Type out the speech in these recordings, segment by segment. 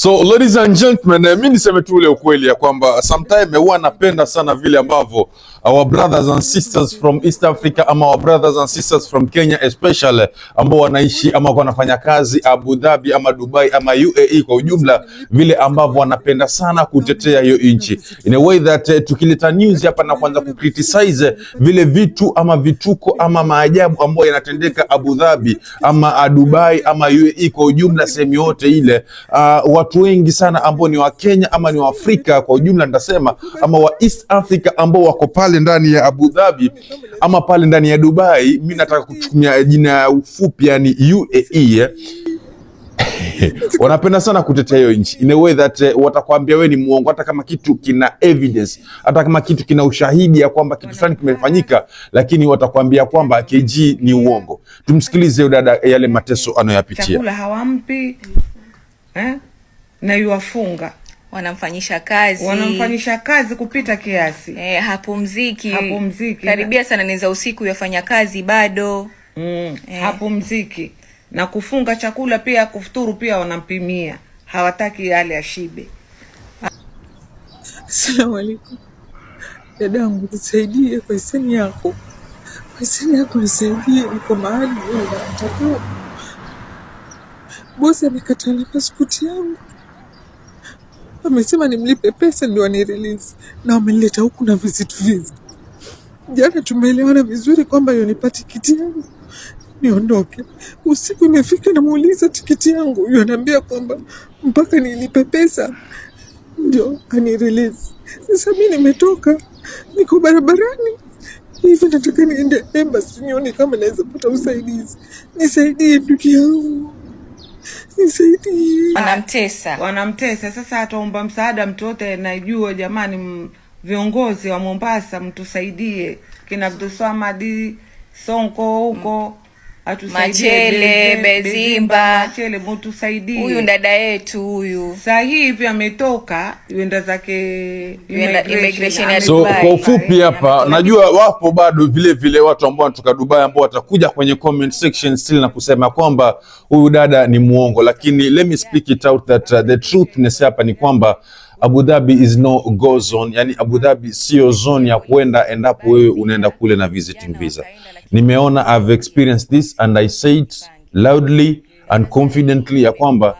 So ladies and gentlemen, eh, mi niseme tu ule ukweli ya kwamba sometime huwa napenda sana vile ambavyo our brothers and sisters from East Africa ama our brothers and sisters from Kenya especially ambao wanaishi ama wanafanya kazi Abu Dhabi ama Dubai ama UAE kwa ujumla, vile ambavyo wanapenda sana kutetea hiyo nchi in a way that uh, tukileta news hapa na kuanza kukriticize vile vitu ama vituko ama maajabu ambayo yanatendeka Abu Dhabi ama Dubai ama UAE kwa ujumla, sehemu yote ile uh, watu wengi sana ambao ni wa Kenya ama ni wa Afrika kwa ujumla ndasema ama wa East Africa ambao wako pale pale ndani ya Abu Dhabi ama pale ndani ya Dubai, mi nataka kuchukumia jina ufupi, yani UAE wanapenda sana kutetea hiyo nchi in a way that uh, watakwambia we ni mwongo, hata kama kitu kina evidence, hata kama kitu kina ushahidi ya kwamba kitu fulani kimefanyika, lakini watakwambia kwamba KG ni uongo. Tumsikilize dada eh, yale mateso anayoyapitia, chakula hawampi eh, na yuwafunga wanamfanyisha kazi, wanamfanyisha kazi kupita kiasi e, hapumziki, hapumziki karibia sana ni za usiku yafanya kazi bado mm, e. hapumziki na kufunga chakula pia kufuturu pia wanampimia, hawataki yale ashibe. Asalamu alaykum, dadangu, tusaidie kwa hisani yako, kwa hisani yako nisaidie, niko mahali bosi amekata pasipoti yangu Amesema nimlipe pesa ndio anirelease, na amenileta huku na visit visa. Jana tumeelewana vizuri kwamba yonipa tikiti yangu niondoke. Usiku imefika, namuuliza tikiti yangu, yoniambia kwamba mpaka nilipe pesa ndio anirelease. Sasa mi nimetoka, niko barabarani hivi nataka niende embassy nione kama naweza pata usaidizi. Nisaidie ndugu yangu wanamtesa, wanamtesa. Sasa ataomba msaada mtuote najua jamani, viongozi wa Mombasa mtusaidie, kina Abdulswamad Sonko huko mm. Machele Bezimba, Machele mutusaidie huyu dada yetu huyu, saa hii hivi ametoka yuenda zake immigration So kwa ufupi hapa, najua wapo bado vile vile watu ambao wanatoka Dubai ambao watakuja kwenye comment section still na kusema kwamba huyu dada ni muongo, lakini let me speak it out that uh, the truthness hapa ni kwamba Abu Dhabi is no go zone, yani Abu Dhabi sio zone ya kuenda endapo wewe unaenda kule na visiting visa. Nimeona I've experienced this and I said loudly and confidently ya kwamba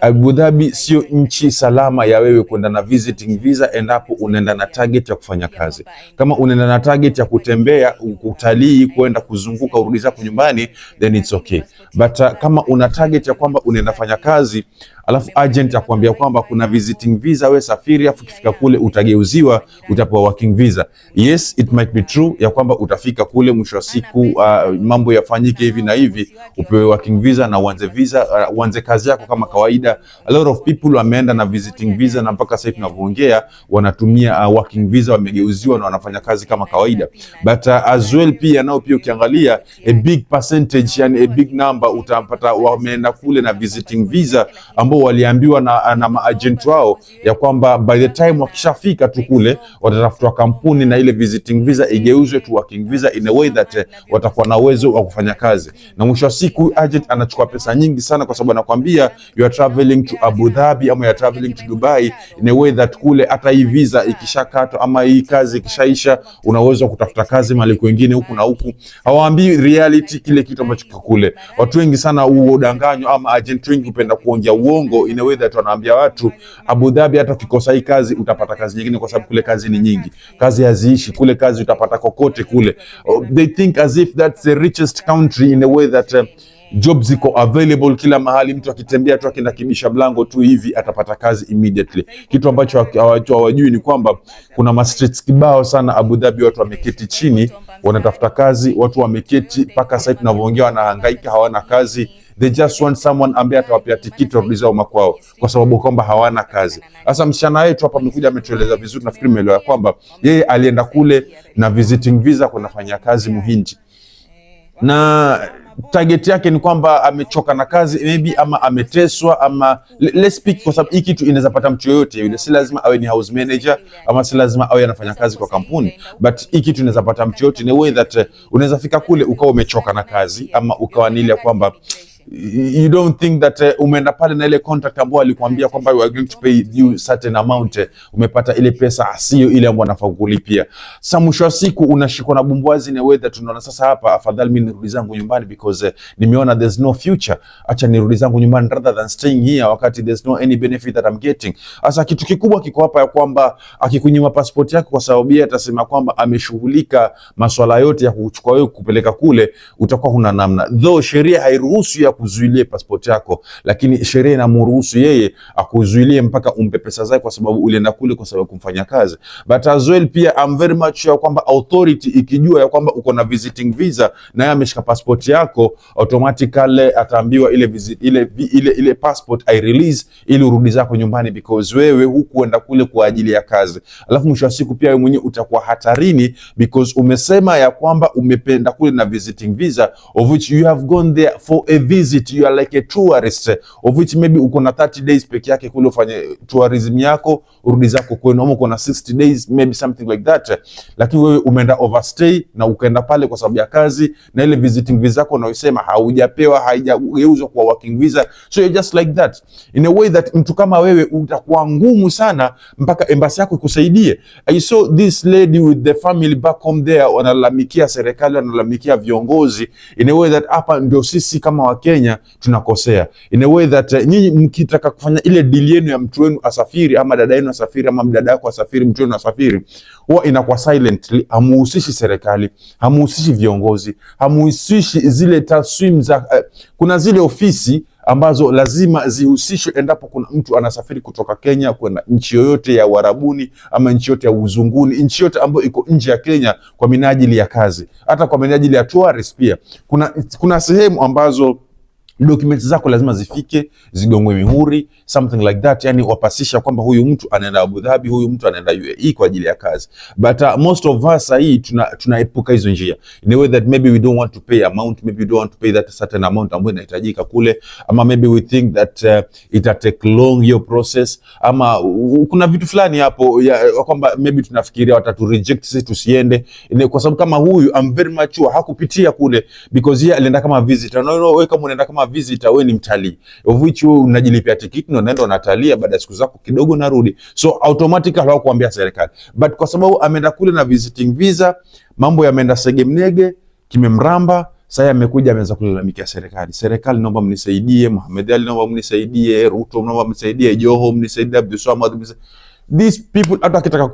Abu Dhabi sio nchi salama ya wewe kwenda na visiting visa endapo unaenda na target ya kufanya kazi. Kama unaenda na target ya kutembea, kutalii, kwenda kuzunguka, urudi zako nyumbani, then it's okay. But uh, kama una target ya kwamba unaenda fanya kazi, alafu agent akwambia kwamba kuna visiting visa, we safiri, afu ukifika kule utageuziwa, utapewa working visa. Yes, it might be true ya kwamba utafika kule mwisho wa siku, uh, mambo yafanyike hivi na hivi, upewe working visa na uanze visa, uh, uanze kazi yako kama kawaida. A lot of people wameenda na visiting visa na mpaka sasa tunavyoongea wanatumia uh, working visa, wamegeuziwa na wanafanya kazi kama kawaida, but uh, as well pia nao pia ukiangalia a big percentage, yani a big number utapata wameenda kule na visiting visa um, ambao waliambiwa na, na maajenti wao ya kwamba by the time wakishafika tu kule watatafutwa kampuni na ile visiting visa igeuzwe tu working visa in a way that eh, watakuwa na uwezo wa kufanya kazi, na mwisho wa siku agent anachukua pesa nyingi sana, kwa sababu anakuambia you are traveling to Abu Dhabi ama you are traveling to Dubai in a way that kule hata hii visa ikishakatwa ama hii kazi ikishaisha, una uwezo wa kutafuta kazi mali kwingine huku na huku. Hawaambii reality kile kitu ambacho kiko kule. Watu wengi sana udanganywa ama agent wengi hupenda kuongea uongo Bongo inaweza that wanaambia watu Abu Dhabi, hata ukikosa hii kazi utapata kazi nyingine, kwa sababu kule kazi ni nyingi, kazi haziishi kule, kazi utapata kokote kule. Oh, they think as if that's the richest country in a way that uh, jobs ziko available kila mahali. Mtu akitembea tu akienda kibisha mlango tu hivi atapata kazi immediately. Kitu ambacho hawajui ni kwamba kuna ma streets kibao sana Abu Dhabi, watu wameketi chini wanatafuta kazi, watu wameketi mpaka sasa tunavyoongea wanahangaika, hawana kazi they just want someone ambaye atawapea tikiti warudi zao makwao, kwa sababu kwamba hawana kazi. Sasa msichana wetu hapa amekuja ametueleza vizuri, nafikiri mmeelewa kwamba yeye alienda kule na visiting visa kunafanya kazi Muhindi na target yake ni kwamba amechoka na kazi maybe, ama ameteswa ama let's speak, kwa sababu hii kitu inaweza pata mtu yoyote yule, si lazima awe ni house manager ama si lazima awe anafanya kazi kwa kampuni, but hii kitu inaweza pata mtu yoyote in a way that eh, unaweza fika kule ukawa umechoka na kazi ama ukawa ni ile kwamba you don't think that uh, umeenda pale na ile contract ambayo alikwambia kwamba you are going to pay you certain amount, uh, umepata ile pesa sio ile ambayo anafaa kulipia. Sasa mwisho wa siku unashikwa na bumbwazi na weather, tunaona sasa hapa, afadhali mimi nirudi zangu nyumbani because uh, nimeona there's no future, acha nirudi zangu nyumbani rather than staying here wakati there's no any benefit that I'm getting. Sasa kitu kikubwa kiko hapa ya kwamba akikunyima passport yako kwa sababu yeye atasema kwamba ameshughulika masuala yote ya kuchukua wewe kupeleka kule, utakuwa huna namna, though sheria hairuhusu ya kuzuilia kuzuilie pasipoti yako, lakini sheria inamruhusu yeye akuzuilie mpaka umpe pesa zake, kwa sababu ulienda kule kwa sababu kumfanya kazi. But as well pia I'm very much sure kwamba authority ikijua ya kwamba uko na visiting visa na yeye ameshika pasipoti yako, automatically ataambiwa ile visit, ile, ile, ile passport i release ili urudi zako nyumbani, because wewe hukuenda kule kwa ajili ya kazi, alafu mwisho wa siku pia wewe mwenyewe utakuwa hatarini because umesema ya kwamba umependa kule na visiting visa of which you have gone there for a visa visit, you are like a tourist of which maybe uko na 30 days peke yake kule ufanye tourism yako urudi zako kwenu, ama uko na 60 days maybe something like that, lakini wewe umeenda overstay na ukaenda pale kwa sababu ya kazi, na ile visiting visa yako unayosema haujapewa haijageuzwa kwa working visa, so you just like that in a way that mtu kama wewe utakuwa ngumu sana mpaka embassy yako ikusaidie. I saw this lady with the family back home there, wanalalamikia serikali, wanalalamikia viongozi in a way that hapa ndio sisi kama wake Kenya tunakosea in a way that uh, nyinyi mkitaka kufanya ile deal yenu ya mtu wenu asafiri ama dada yenu asafiri ama mdada wako asafiri mtu wenu asafiri, huwa inakuwa silently, hamuhusishi serikali, hamuhusishi viongozi, hamuhusishi zile taswim za uh, kuna zile ofisi ambazo lazima zihusishwe endapo kuna mtu anasafiri kutoka Kenya kwenda nchi yoyote ya Uarabuni ama nchi yoyote ya Uzunguni, nchi yoyote ambayo iko nje ya Kenya kwa minajili ya kazi, hata kwa minajili ya tourist pia. Kuna, kuna sehemu ambazo documents zako lazima zifike, zigongwe mihuri, something like that, yani wapasisha kwamba huyu mtu anaenda Abu Dhabi, huyu mtu anaenda UAE kwa ajili ya kazi. But uh, most of us hii tuna tunaepuka hizo njia in a way that maybe we don't want to pay amount, maybe we don't want to pay that certain amount ambayo inahitajika kule, ama maybe we think that uh, it take long your process, ama uh, kuna vitu fulani hapo ya kwamba maybe tunafikiria watatu reject sisi tusiende, kwa sababu kama huyu I'm very much sure hakupitia kule because yeye alienda kama visitor, no no, wewe kama unaenda kama visitor, wewe ni mtalii, of which wewe unajilipia tikiti na unaenda unatalia, baada ya siku zako kidogo narudi, so automatically hawakuambia serikali, but kwa sababu ameenda kule na visiting visa, mambo yameenda segemnege kimemramba. Sasa amekuja ameanza kulalamikia serikali. Serikali, naomba mnisaidie. Mohamed Ali, naomba mnisaidie. Ruto, naomba mnisaidie. Joho, mnisaidie. Abdulswamad, mnisaidie these people hata akitaka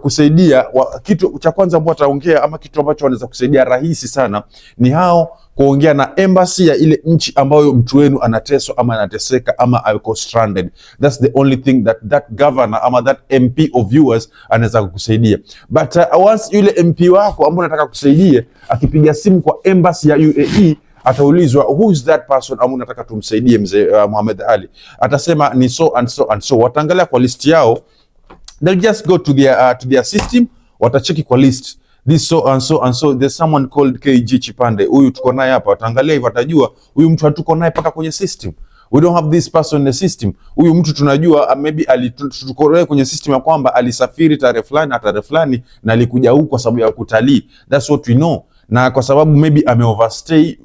wa, kitu cha kwanza ambao ataongea ama kitu ambacho wanaweza kusaidia rahisi sana ni hao kuongea na embassy ya ile nchi ambayo mtu wenu anateswa ama anateseka ama ako stranded. That's the only thing that that governor ama that MP of yours anaweza kukusaidia, but uh, once yule MP wako ambao anataka kusaidia akipiga simu kwa embassy ya UAE ataulizwa who is that person ambaye nataka tumsaidie mzee uh, Muhammad Ali, atasema ni so and so and so. Wataangalia kwa listi yao they'll just go to their uh, to their system, watacheki kwa list this so and so and so there's someone called KG Chipande, huyu tuko naye hapa. Wataangalia hivyo, watajua huyu mtu hatuko naye paka kwenye system, we don't have this person in the system. Huyu mtu tunajua uh, maybe alitukorea kwenye system ya kwamba alisafiri tarehe fulani na tarehe fulani na alikuja huku kwa sababu ya kutalii, that's what we know, na kwa sababu maybe ame overstay,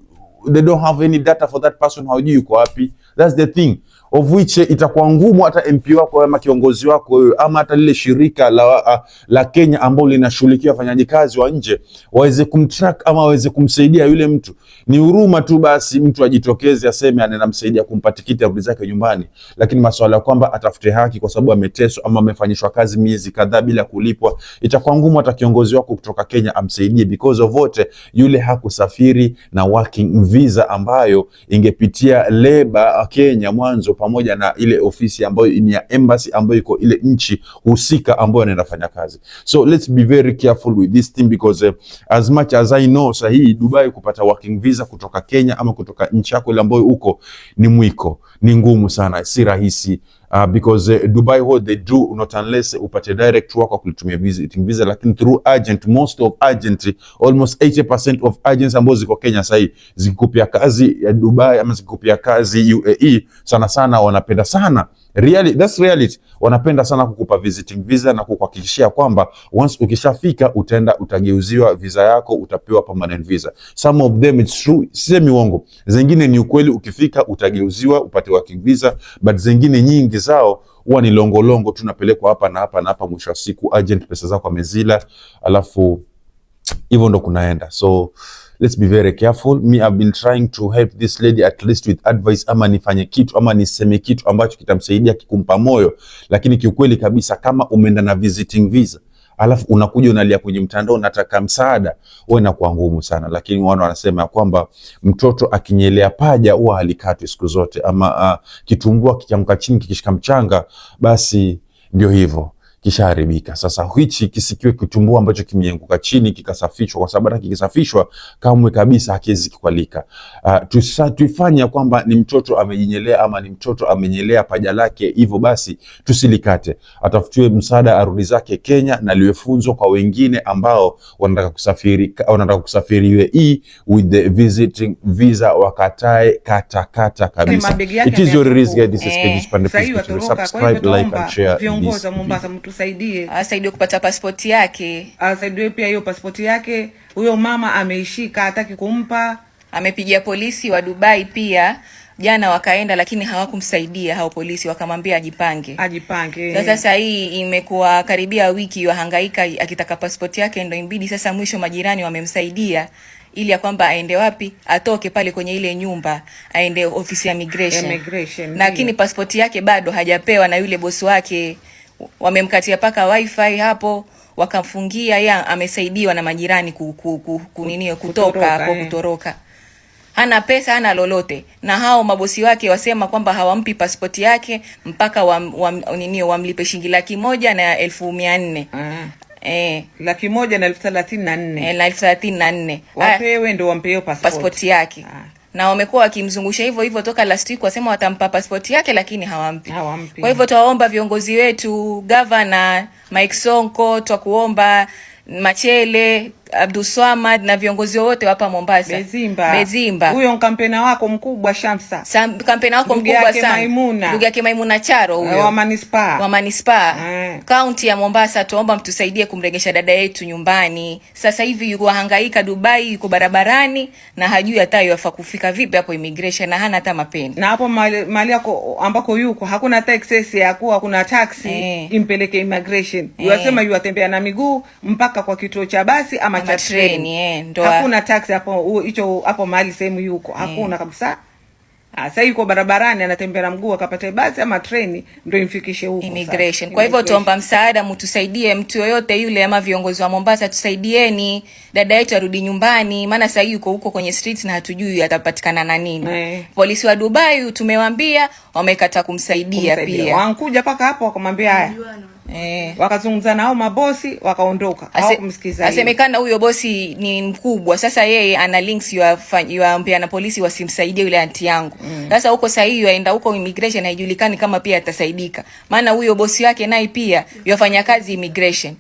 they don't have any data for that person, hawajui yuko wapi, that's the thing of which itakuwa ngumu hata MP wako ama kiongozi wako wewe ama hata lile shirika la, uh, la Kenya ambalo linashughulikia wafanyaji kazi wa nje waweze kumtrack ama waweze kumsaidia yule mtu. Ni huruma tu basi mtu ajitokeze aseme anaenda kumpa tikiti arudi zake nyumbani, lakini masuala ya kwamba atafute haki kwa sababu ameteswa ama amefanyishwa kazi miezi kadhaa bila kulipwa, itakuwa ngumu hata kiongozi wako kutoka Kenya amsaidie because of wote yule hakusafiri na working visa ambayo ingepitia leba uh, Kenya mwanzo pamoja na ile ofisi ambayo ni ya embassy ambayo iko ile nchi husika ambayo anafanya kazi. So let's be very careful with this thing because uh, as much as I know sahihi Dubai kupata working visa kutoka Kenya ama kutoka nchi yako ile ambayo uko ni mwiko, ni ngumu sana, si rahisi uh, because uh, Dubai what they do not unless upate direct work kwa kulitumia visiting visa, lakini through agent, most of agent, almost 80% of agents ambazo ziko Kenya sasa hivi zikikupia kazi ya Dubai ama zikikupia kazi UAE, sana sana wanapenda sana Reali, that's reality. Wanapenda sana kukupa visiting visa na kukuhakikishia kwamba once ukishafika utaenda utageuziwa visa yako utapewa permanent visa. Some of them it's true, sisemi uongo. Zingine ni ukweli, ukifika utageuziwa upate working visa, but zingine nyingi zao huwa ni longolongo tu, napelekwa hapa na hapa na hapa, mwisho wa siku agent pesa zako amezila, alafu hivyo ndo kunaenda. So let's be very careful. Me I've been trying to help this lady at least with advice, ama nifanye kitu ama niseme kitu ambacho kitamsaidia kikumpa moyo, lakini kiukweli kabisa, kama umeenda na visiting visa alafu unakuja unalia kwenye mtandao unataka msaada, wewe inakuwa ngumu sana. Lakini wana wanasema kwamba mtoto akinyelea paja huwa halikatwi siku zote, ama uh, kitumbua kikianguka chini kikishika mchanga, basi ndio hivyo kishaharibika. Sasa hichi kisikiwe kitumbua ambacho kimeanguka chini kikasafishwa, kwa sababu hata kikisafishwa kamwe kabisa hakiwezi kukwalika. Ah, uh, tuifanya kwamba ni mtoto amejinyelea ama ni mtoto amenyelea paja lake, hivyo basi tusilikate, atafutiwe msaada arudi zake Kenya na liwe funzo kwa wengine ambao wanataka kusafiri, wanataka kusafiri e with the visiting visa, wakatae kata kata kabisa. It is your risk guys, this is Page eh, Pande, please subscribe, like and share this video tusaidie, asaidie kupata paspoti yake, asaidie pia hiyo paspoti yake. Huyo mama ameishika, hataki kumpa. Amepigia polisi wa Dubai pia jana wakaenda, lakini hawakumsaidia hao polisi, wakamwambia ajipange, ajipange. Sasa sasa hii imekuwa karibia wiki, wahangaika akitaka paspoti yake, ndio imbidi sasa mwisho majirani wamemsaidia ili ya kwamba aende wapi, atoke pale kwenye ile nyumba, aende ofisi ya migration, lakini paspoti yake bado hajapewa na yule bosi wake wamemkatia paka wifi hapo wakamfungia, ya amesaidiwa na majirani ku, ku, ku, kuninio kutoka kutoroka, kwa eh. kutoroka hana pesa hana lolote, na hao mabosi wake wasema kwamba hawampi pasipoti yake mpaka wam, wam, nini wamlipe shilingi laki moja na elfu mia nne ah. eh, laki moja na elfu thelathini na nne eh, na elfu thelathini na nne wapewe ndo wampeo hiyo pasipoti yake ah na wamekuwa wakimzungusha hivyo hivyo toka last week, wasema watampa passport yake lakini hawampi, hawampi. Kwa hivyo twaomba viongozi wetu, gavana Mike Sonko, twakuomba Machele Abdulswamad na viongozi wote hapa Mombasa. Bezimba. Bezimba. Huyo kampena wako mkubwa Shamsa. Sam, kampena wako mkubwa sana. Maimuna. Ndugu yake Maimuna Charo huyo. Wa eh, manispa. Wa manispaa. Eh. Kaunti ya Mombasa tuomba mtusaidie kumregesha dada yetu nyumbani. Sasa hivi yuko hangaika Dubai, yuko barabarani na hajui hata yafa kufika vipi hapo immigration na hana hata mapeni. Na hapo mali yako ambako yuko hakuna hata access ya kuwa kuna taxi eh, impeleke immigration. Eh. Yuasema yuatembea na miguu mpaka kwa kituo cha basi ama cha treni eh, ndo hakuna taxi hapo, hicho hapo mahali sehemu yuko eh. hakuna kabisa. Ah, sasa yuko barabarani anatembea na mguu akapata basi ama treni ndio imfikishe huko immigration. Kwa hivyo tuomba msaada, mtusaidie, mtu yoyote yule ama viongozi wa Mombasa tusaidieni, dada yetu arudi nyumbani, maana sasa yuko huko kwenye street na hatujui atapatikana na nini. Ae. Eh. Polisi wa Dubai tumewambia wamekata kumsaidia, kumsaidia pia. Wanakuja paka hapo wakamwambia haya eh, wakazungumza nao mabosi wakaondoka, Asemekana huyo bosi ni mkubwa, sasa yeye ana links yuwaambia na polisi wasimsaidie yule anti yangu mm. Sasa huko sasa hivi huko immigration, haijulikani kama pia atasaidika, maana huyo bosi wake naye pia yafanya kazi immigration.